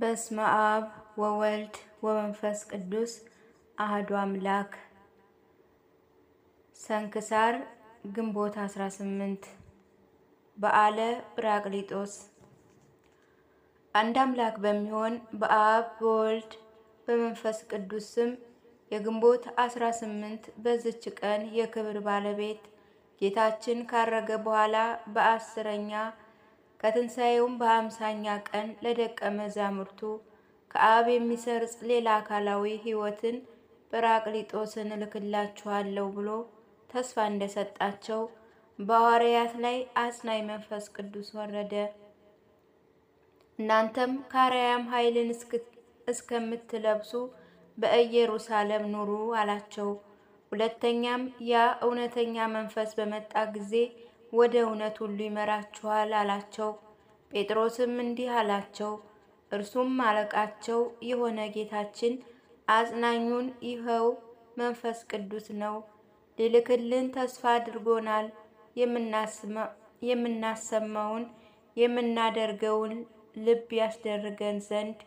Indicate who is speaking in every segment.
Speaker 1: በስመ አብ ወወልድ ወመንፈስ ቅዱስ አህዱ አምላክ። ሰንክሳር ግንቦት 18 በዓለ ብራቅሊጦስ አንድ አምላክ በሚሆን በአብ በወልድ በመንፈስ ቅዱስ ስም የግንቦት 18 በዝች ቀን የክብር ባለቤት ጌታችን ካረገ በኋላ በአስረኛ ከትንሣኤውም በአምሳኛ ቀን ለደቀ መዛሙርቱ ከአብ የሚሰርጽ ሌላ አካላዊ ሕይወትን ጰራቅሊጦስን እልክላችኋለሁ ብሎ ተስፋ እንደሰጣቸው በሐዋርያት ላይ አጽናኝ መንፈስ ቅዱስ ወረደ። እናንተም ከአርያም ኃይልን እስከምትለብሱ በኢየሩሳሌም ኑሩ አላቸው። ሁለተኛም ያ እውነተኛ መንፈስ በመጣ ጊዜ ወደ እውነት ሁሉ ይመራችኋል አላቸው። ጴጥሮስም እንዲህ አላቸው፣ እርሱም አለቃቸው የሆነ ጌታችን አጽናኙን ይኸው መንፈስ ቅዱስ ነው ሊልክልን ተስፋ አድርጎናል። የምናሰማውን የምናደርገውን ልብ ያስደርገን ዘንድ።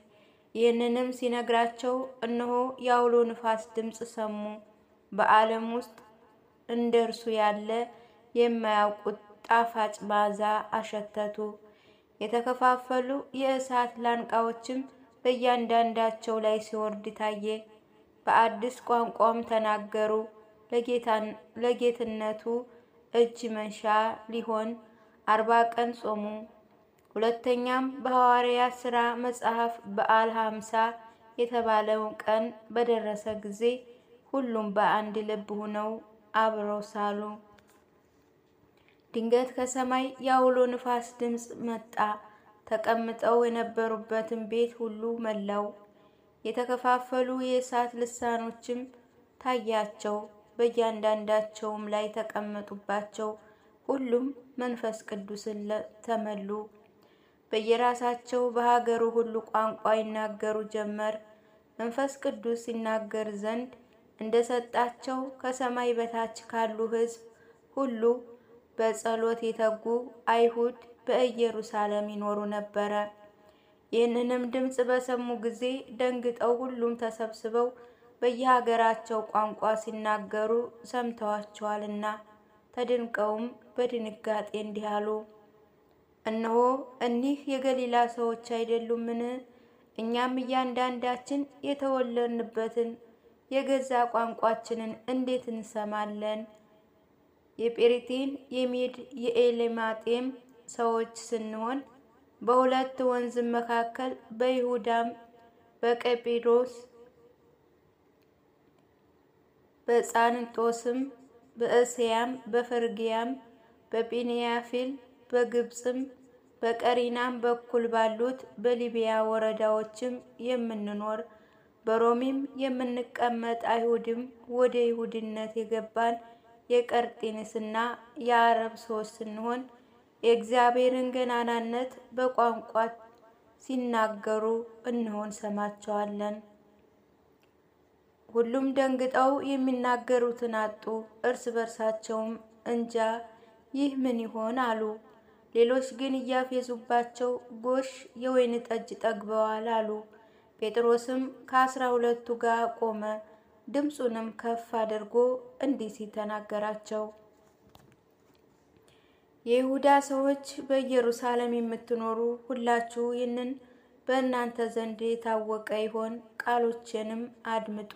Speaker 1: ይህንንም ሲነግራቸው እነሆ የአውሎ ንፋስ ድምፅ ሰሙ። በዓለም ውስጥ እንደ እርሱ ያለ የማያውቁት ጣፋጭ መዓዛ አሸተቱ። የተከፋፈሉ የእሳት ላንቃዎችም በእያንዳንዳቸው ላይ ሲወርድ ታየ። በአዲስ ቋንቋም ተናገሩ። ለጌትነቱ እጅ መንሻ ሊሆን አርባ ቀን ጾሙ። ሁለተኛም በሐዋርያት ሥራ መጽሐፍ በዓል ሀምሳ የተባለው ቀን በደረሰ ጊዜ ሁሉም በአንድ ልብ ሆነው አብረው ሳሉ። ድንገት ከሰማይ የአውሎ ንፋስ ድምፅ መጣ። ተቀምጠው የነበሩበትን ቤት ሁሉ መላው። የተከፋፈሉ የእሳት ልሳኖችም ታያቸው፣ በእያንዳንዳቸውም ላይ ተቀመጡባቸው። ሁሉም መንፈስ ቅዱስን ተመሉ። በየራሳቸው በሀገሩ ሁሉ ቋንቋ ይናገሩ ጀመር። መንፈስ ቅዱስ ይናገር ዘንድ እንደሰጣቸው ከሰማይ በታች ካሉ ሕዝብ ሁሉ በጸሎት የተጉ አይሁድ በኢየሩሳሌም ይኖሩ ነበረ። ይህንንም ድምፅ በሰሙ ጊዜ ደንግጠው ሁሉም ተሰብስበው በየሀገራቸው ቋንቋ ሲናገሩ ሰምተዋቸዋልና ተደንቀውም በድንጋጤ እንዲህ አሉ፣ እነሆ እኒህ የገሊላ ሰዎች አይደሉምን? እኛም እያንዳንዳችን የተወለድንበትን የገዛ ቋንቋችንን እንዴት እንሰማለን? የጴሪቲን የሚድ የኤሌማጤም ሰዎች ስንሆን በሁለት ወንዝ መካከል በይሁዳም በቀጲሮስ በጻንጦስም በእስያም በፍርግያም በጲንያፊል በግብፅም በቀሪናም በኩል ባሉት በሊቢያ ወረዳዎችም የምንኖር በሮሚም የምንቀመጥ አይሁድም ወደ ይሁድነት የገባን የቀርጤንስና የአረብ ሰዎች ስንሆን የእግዚአብሔርን ገናናነት በቋንቋ ሲናገሩ እንሆን ሰማቸዋለን። ሁሉም ደንግጠው የሚናገሩትን አጡ። እርስ በርሳቸውም እንጃ ይህ ምን ይሆን አሉ። ሌሎች ግን እያፌዙባቸው ጎሽ የወይን ጠጅ ጠግበዋል አሉ። ጴጥሮስም ከአስራ ሁለቱ ጋር ቆመ። ድምፁንም ከፍ አድርጎ እንዲህ ሲል ተናገራቸው። የይሁዳ ሰዎች በኢየሩሳሌም የምትኖሩ ሁላችሁ ይህንን በእናንተ ዘንድ የታወቀ ይሆን፣ ቃሎቼንም አድምጡ።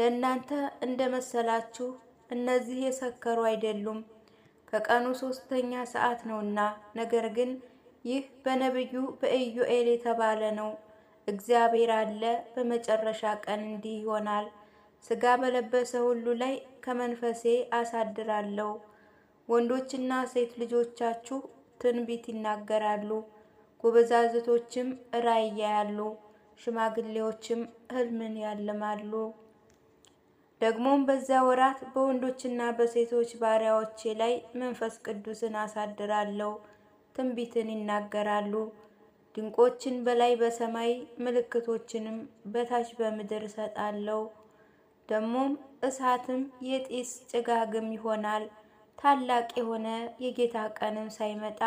Speaker 1: ለእናንተ እንደ መሰላችሁ እነዚህ የሰከሩ አይደሉም፣ ከቀኑ ሶስተኛ ሰዓት ነውና። ነገር ግን ይህ በነቢዩ በኢዩኤል የተባለ ነው። እግዚአብሔር አለ፣ በመጨረሻ ቀን እንዲህ ይሆናል ስጋ በለበሰ ሁሉ ላይ ከመንፈሴ አሳድራለሁ። ወንዶችና ሴት ልጆቻችሁ ትንቢት ይናገራሉ፣ ጎበዛዝቶችም ራእይ ያያሉ፣ ሽማግሌዎችም ህልምን ያልማሉ። ደግሞም በዚያ ወራት በወንዶችና በሴቶች ባሪያዎቼ ላይ መንፈስ ቅዱስን አሳድራለሁ፣ ትንቢትን ይናገራሉ። ድንቆችን በላይ በሰማይ ምልክቶችንም በታች በምድር እሰጣለሁ። ደግሞም እሳትም የጢስ ጭጋግም ይሆናል። ታላቅ የሆነ የጌታ ቀንም ሳይመጣ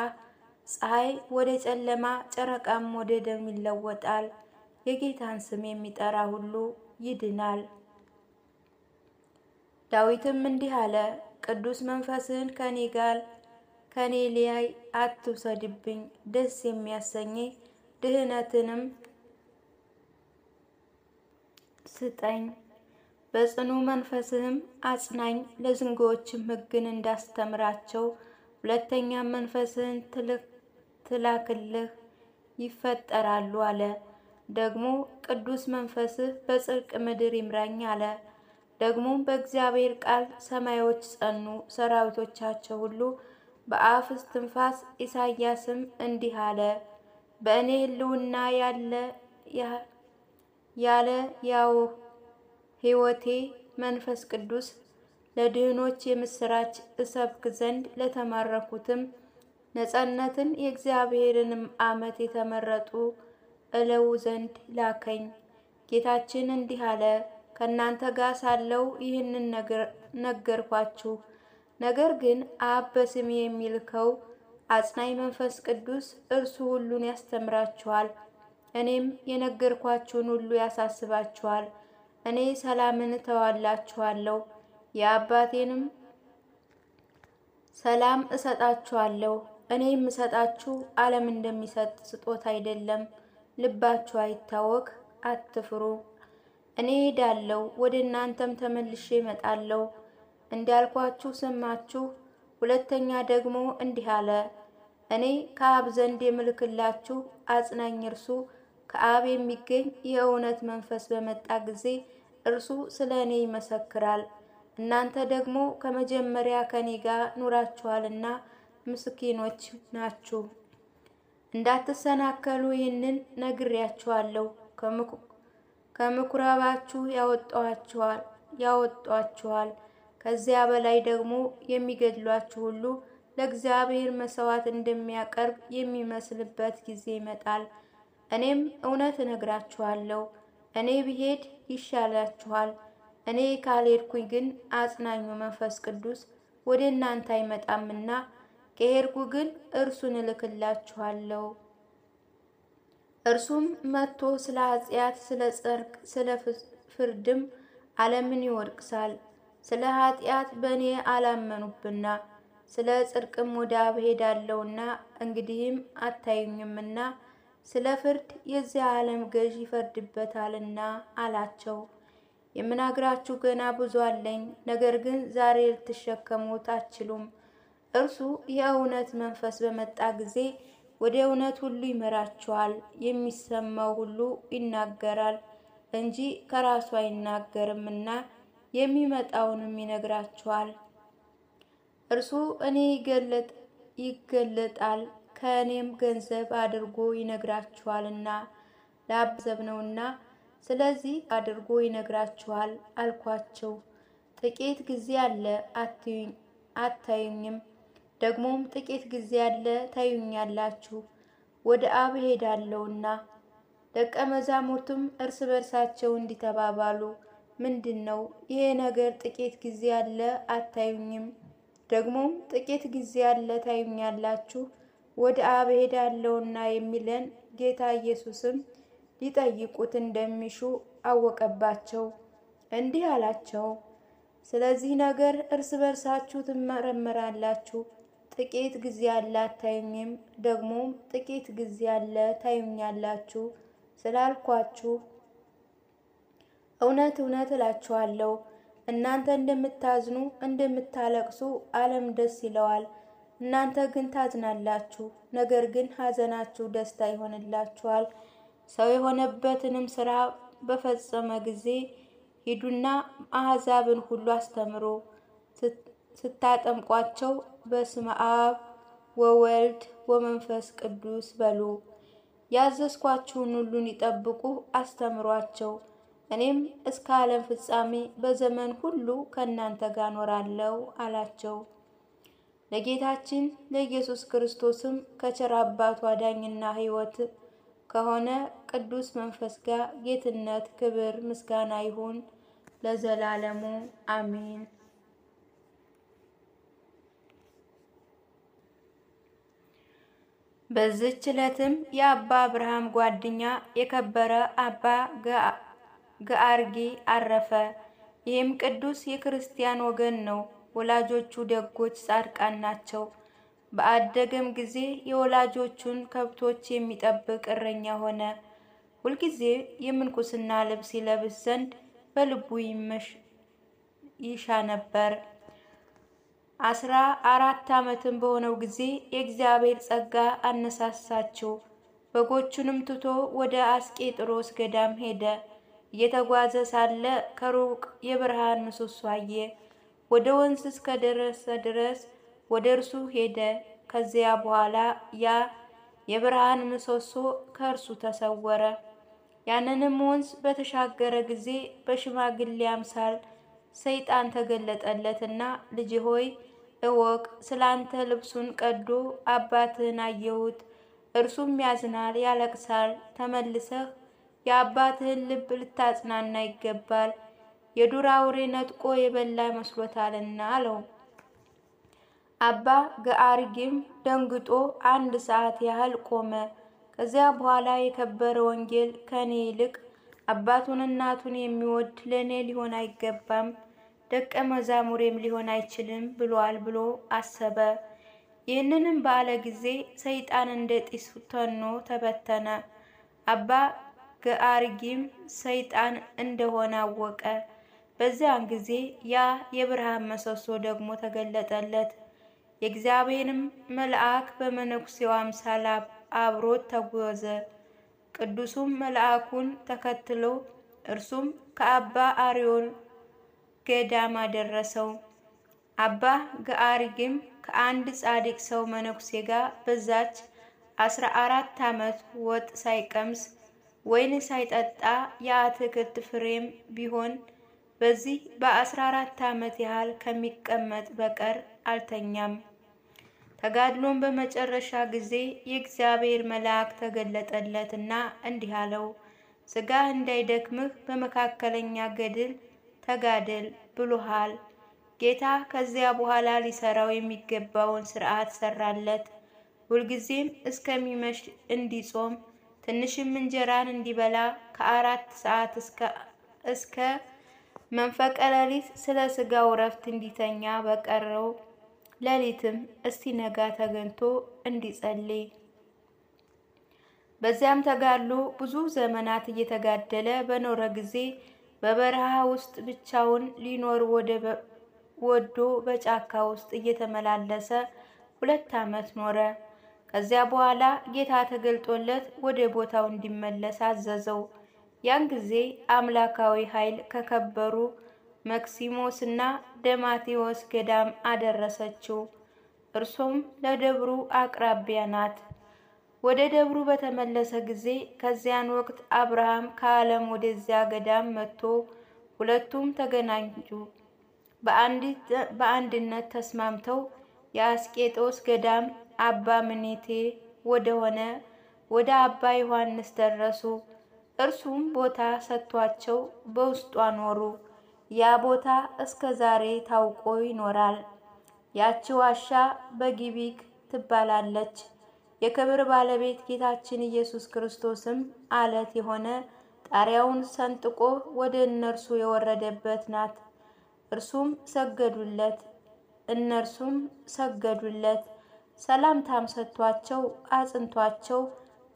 Speaker 1: ፀሐይ ወደ ጨለማ፣ ጨረቃም ወደ ደም ይለወጣል። የጌታን ስም የሚጠራ ሁሉ ይድናል። ዳዊትም እንዲህ አለ፣ ቅዱስ መንፈስህን ከኔ ጋር ከኔ ሊያይ አትውሰድብኝ፣ ደስ የሚያሰኝ ድህነትንም ስጠኝ። በጽኑ መንፈስህም አጽናኝ፣ ለዝንጎዎችም ሕግን እንዳስተምራቸው። ሁለተኛ መንፈስህን ትላክልህ ይፈጠራሉ አለ። ደግሞ ቅዱስ መንፈስህ በጽድቅ ምድር ይምራኝ አለ። ደግሞ በእግዚአብሔር ቃል ሰማዮች ጸኑ፣ ሰራዊቶቻቸው ሁሉ በአፍ እስትንፋስ። ኢሳያስም እንዲህ አለ፣ በእኔ ህልውና ያለ ያለ ያው ሕይወቴ መንፈስ ቅዱስ ለድህኖች የምስራች እሰብክ ዘንድ ለተማረኩትም ነጻነትን የእግዚአብሔርንም ዓመት የተመረጡ እለው ዘንድ ላከኝ። ጌታችን እንዲህ አለ፣ ከእናንተ ጋር ሳለው ይህንን ነገርኳችሁ። ነገር ግን አብ በስሜ የሚልከው አጽናኝ መንፈስ ቅዱስ እርሱ ሁሉን ያስተምራችኋል፣ እኔም የነገርኳችሁን ሁሉ ያሳስባችኋል። እኔ ሰላምን እተዋላችኋለሁ፣ የአባቴንም ሰላም እሰጣችኋለሁ። እኔ የምሰጣችሁ ዓለም እንደሚሰጥ ስጦታ አይደለም። ልባችሁ አይታወክ፣ አትፍሩ። እኔ ሄዳለሁ፣ ወደ እናንተም ተመልሼ እመጣለሁ። እንዳልኳችሁ ሰማችሁ። ሁለተኛ ደግሞ እንዲህ አለ፣ እኔ ከአብ ዘንድ የምልክላችሁ አጽናኝ እርሱ ከአብ የሚገኝ የእውነት መንፈስ በመጣ ጊዜ እርሱ ስለ እኔ ይመሰክራል። እናንተ ደግሞ ከመጀመሪያ ከኔ ጋር ኑራችኋልና ምስኪኖች ናችሁ። እንዳትሰናከሉ ይህንን ነግሬያችኋለሁ። ከምኩራባችሁ ያወጧችኋል ያወጧችኋል ከዚያ በላይ ደግሞ የሚገድሏችሁ ሁሉ ለእግዚአብሔር መስዋዕት እንደሚያቀርብ የሚመስልበት ጊዜ ይመጣል። እኔም እውነት እነግራችኋለሁ፣ እኔ ብሄድ ይሻላችኋል። እኔ ካልሄድኩኝ ግን አጽናኙ መንፈስ ቅዱስ ወደ እናንተ አይመጣምና ከሄድኩ ግን እርሱን እልክላችኋለሁ። እርሱም መጥቶ ስለ ኃጢአት፣ ስለ ጽድቅ፣ ስለ ፍርድም ዓለምን ይወቅሳል። ስለ ኃጢአት በእኔ አላመኑብና ስለ ጽድቅም ወደ አብ ሄዳለሁና እንግዲህም አታዩኝምና ስለ ፍርድ የዚያ ዓለም ገዥ ይፈርድበታልና አላቸው። የምናግራችሁ ገና ብዙ አለኝ፣ ነገር ግን ዛሬ ልትሸከሙት አትችሉም። እርሱ የእውነት መንፈስ በመጣ ጊዜ ወደ እውነት ሁሉ ይመራችኋል። የሚሰማው ሁሉ ይናገራል እንጂ ከራሱ አይናገርምና የሚመጣውንም ይነግራችኋል። እርሱ እኔ ይገለጣል ከእኔም ገንዘብ አድርጎ ይነግራችኋልና ለአበዘብ ነውና፣ ስለዚህ አድርጎ ይነግራችኋል አልኳቸው። ጥቂት ጊዜ አለ አታዩኝም፣ ደግሞም ጥቂት ጊዜ አለ ታዩኛላችሁ። ወደ አብ ሄዳለሁና። ደቀ መዛሙርቱም እርስ በርሳቸው እንዲተባባሉ ምንድን ነው ይሄ ነገር? ጥቂት ጊዜ አለ አታዩኝም፣ ደግሞም ጥቂት ጊዜ አለ ታዩኛላችሁ ወደ አብ ሄዳለውና የሚለን ጌታ ኢየሱስም ሊጠይቁት እንደሚሹ አወቀባቸው። እንዲህ አላቸው፣ ስለዚህ ነገር እርስ በርሳችሁ ትመረመራላችሁ። ጥቂት ጊዜ አለ አታዩኝም፣ ደግሞም ጥቂት ጊዜ አለ ታዩኛላችሁ ስላልኳችሁ እውነት እውነት እላችኋለሁ እናንተ እንደምታዝኑ እንደምታለቅሱ ዓለም ደስ ይለዋል። እናንተ ግን ታዝናላችሁ፣ ነገር ግን ሐዘናችሁ ደስታ ይሆንላችኋል። ሰው የሆነበትንም ስራ በፈጸመ ጊዜ ሂዱና አሕዛብን ሁሉ አስተምሮ! ስታጠምቋቸው በስመ አብ ወወልድ ወመንፈስ ቅዱስ በሉ። ያዘዝኳችሁን ሁሉን ይጠብቁ፣ አስተምሯቸው። እኔም እስከ ዓለም ፍጻሜ በዘመን ሁሉ ከእናንተ ጋር ኖራለሁ አላቸው። ለጌታችን ለኢየሱስ ክርስቶስም ከቸር አባቱ አዳኝና ሕይወት ከሆነ ቅዱስ መንፈስ ጋር ጌትነት፣ ክብር፣ ምስጋና ይሁን ለዘላለሙ አሚን። በዚች ዕለትም የአባ አብርሃም ጓደኛ የከበረ አባ ገአርጊ አረፈ። ይህም ቅዱስ የክርስቲያን ወገን ነው። ወላጆቹ ደጎች፣ ጻድቃን ናቸው። በአደገም ጊዜ የወላጆቹን ከብቶች የሚጠብቅ እረኛ ሆነ። ሁልጊዜ የምንኩስና ልብስ ይለብስ ዘንድ በልቡ ይሻ ነበር። አስራ አራት ዓመትም በሆነው ጊዜ የእግዚአብሔር ጸጋ አነሳሳችው። በጎቹንም ትቶ ወደ አስቄጥሮስ ገዳም ሄደ። እየተጓዘ ሳለ ከሩቅ የብርሃን ምሰሶ አየ። ወደ ወንዝ እስከደረሰ ድረስ ወደ እርሱ ሄደ። ከዚያ በኋላ ያ የብርሃን ምሰሶ ከእርሱ ተሰወረ። ያንንም ወንዝ በተሻገረ ጊዜ በሽማግሌ አምሳል ሰይጣን ተገለጠለትና ልጅ ሆይ እወቅ፣ ስላንተ ልብሱን ቀዶ አባትህን አየሁት፣ እርሱም ያዝናል፣ ያለቅሳል። ተመልሰህ የአባትህን ልብ ልታጽናና ይገባል። የዱር አውሬ ነጥቆ የበላ መስሎታልና አለው። አባ ገአርጊም ደንግጦ አንድ ሰዓት ያህል ቆመ። ከዚያ በኋላ የከበረ ወንጌል ከእኔ ይልቅ አባቱን እናቱን የሚወድ ለእኔ ሊሆን አይገባም፣ ደቀ መዛሙሬም ሊሆን አይችልም ብሏል ብሎ አሰበ። ይህንንም ባለ ጊዜ ሰይጣን እንደ ጢስ ተኖ ተበተነ። አባ ገአርጊም ሰይጣን እንደሆነ አወቀ። በዚያን ጊዜ ያ የብርሃን ምሰሶ ደግሞ ተገለጠለት። የእግዚአብሔርም መልአክ በመነኩሴው አምሳል አብሮት ተጓዘ። ቅዱሱም መልአኩን ተከትሎ እርሱም ከአባ አሪዮን ገዳም አደረሰው። አባ ገአሪግም ከአንድ ጻድቅ ሰው መነኩሴ ጋር በዛች አስራ አራት ዓመት ወጥ ሳይቀምስ ወይን ሳይጠጣ የአትክልት ፍሬም ቢሆን በዚህ በአስራ አራት ዓመት ያህል ከሚቀመጥ በቀር አልተኛም። ተጋድሎን በመጨረሻ ጊዜ የእግዚአብሔር መልአክ ተገለጠለት እና እንዲህ አለው፣ ስጋ እንዳይደክምህ በመካከለኛ ገድል ተጋደል ብሎሃል። ጌታ ከዚያ በኋላ ሊሰራው የሚገባውን ስርዓት ሰራለት። ሁልጊዜም እስከሚመሽ እንዲጾም ትንሽም እንጀራን እንዲበላ ከአራት ሰዓት እስከ መንፈቀ ሌሊት ስለ ስጋው እረፍት እንዲተኛ በቀረው ሌሊትም እስኪነጋ ተገኝቶ እንዲጸልይ በዚያም ተጋድሎ ብዙ ዘመናት እየተጋደለ በኖረ ጊዜ በበረሃ ውስጥ ብቻውን ሊኖር ወዶ በጫካ ውስጥ እየተመላለሰ ሁለት ዓመት ኖረ። ከዚያ በኋላ ጌታ ተገልጦለት ወደ ቦታው እንዲመለስ አዘዘው። ያን ጊዜ አምላካዊ ኃይል ከከበሩ መክሲሞስ እና ደማቴዎስ ገዳም አደረሰችው። እርሶም ለደብሩ አቅራቢያ ናት። ወደ ደብሩ በተመለሰ ጊዜ ከዚያን ወቅት አብርሃም ከዓለም ወደዚያ ገዳም መጥቶ ሁለቱም ተገናኙ። በአንድነት ተስማምተው የአስቄጦስ ገዳም አባ ምኔቴ ወደሆነ ወደ አባ ዮሐንስ ደረሱ። እርሱም ቦታ ሰጥቷቸው በውስጧ ኖሩ። ያ ቦታ እስከ ዛሬ ታውቆ ይኖራል። ያቺ ዋሻ በጊቢክ ትባላለች። የክብር ባለቤት ጌታችን ኢየሱስ ክርስቶስም አለት የሆነ ጣሪያውን ሰንጥቆ ወደ እነርሱ የወረደበት ናት። እርሱም ሰገዱለት፣ እነርሱም ሰገዱለት። ሰላምታም ሰጥቷቸው አጽንቷቸው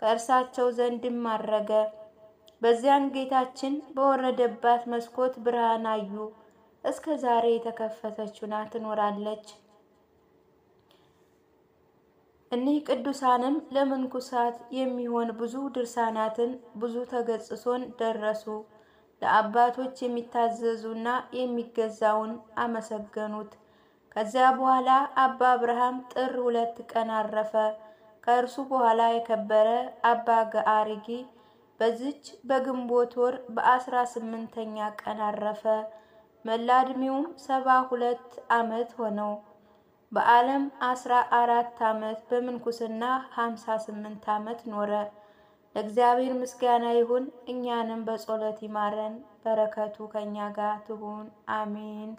Speaker 1: ከእርሳቸው ዘንድም አረገ። በዚያን ጌታችን በወረደባት መስኮት ብርሃን አዩ። እስከ ዛሬ የተከፈተችና ትኖራለች። እኒህ ቅዱሳንም ለምንኩሳት የሚሆን ብዙ ድርሳናትን ብዙ ተገጽሶን ደረሱ። ለአባቶች የሚታዘዙና የሚገዛውን አመሰገኑት። ከዚያ በኋላ አባ አብርሃም ጥር ሁለት ቀን አረፈ። ከእርሱ በኋላ የከበረ አባ ገአርጊ በዚች በግንቦት ወር በአስራ ስምንተኛ ቀን አረፈ። መላ ዕድሜውም ሰባ ሁለት ዓመት ሆነው። በዓለም አስራ አራት ዓመት በምንኩስና ሀምሳ ስምንት ዓመት ኖረ። ለእግዚአብሔር ምስጋና ይሁን፣ እኛንም በጸሎት ይማረን፣ በረከቱ ከእኛ ጋር ትሁን አሜን።